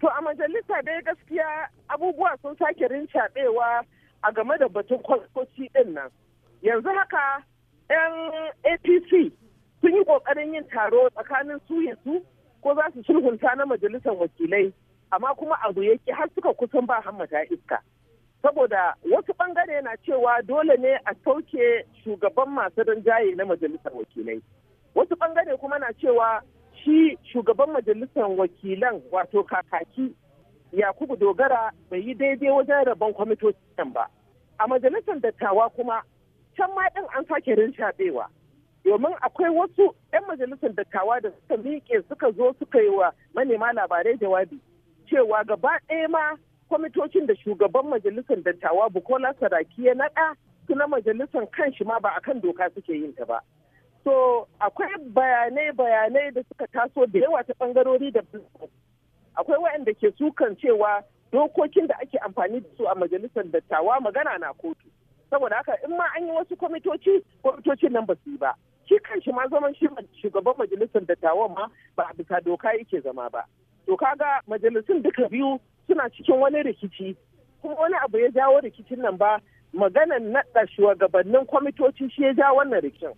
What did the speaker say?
To a majalisa dai gaskiya abubuwa sun sake rincaɓewa a game da batun kwakwaci ɗin nan. Yanzu haka 'yan APC sun yi ƙoƙarin yin taro tsakanin su ko za su sulhunta na majalisar wakilai amma kuma abu yake har suka kusan ba hammata iska. Saboda wasu bangare na cewa dole ne a sauke shugaban masu rinjaye na majalisar wakilai. Wasu bangare kuma na cewa shi shugaban majalisar wakilan wato kakaki yakubu dogara bai yi daidai wajen rabon kwamitocin ba a majalisar dattawa kuma can ma ɗin an sake rinshaɓewa domin akwai wasu 'yan majalisar dattawa da suka miƙe suka zo suka yi wa manema labarai jawabi cewa gaba ɗaya ma kwamitocin da shugaban majalisar dattawa bukola saraki ya naɗa su na majalisar kanshi ma ba akan doka suke yin ta ba so akwai bayanai bayanai da suka taso da yawa ta bangarori da akwai waɗanda ke sukan cewa dokokin da ake amfani da su a majalisar dattawa magana na kotu saboda haka in ma an yi wasu kwamitoci kwamitocin nan ba su yi ba shi shi ma zaman shi shugaban majalisar dattawan ma ba a bisa doka yake zama ba to ga majalisun duka biyu suna cikin wani rikici kuma wani abu ya jawo rikicin nan ba maganan naɗa shugabannin kwamitoci shi ya ja wannan rikicin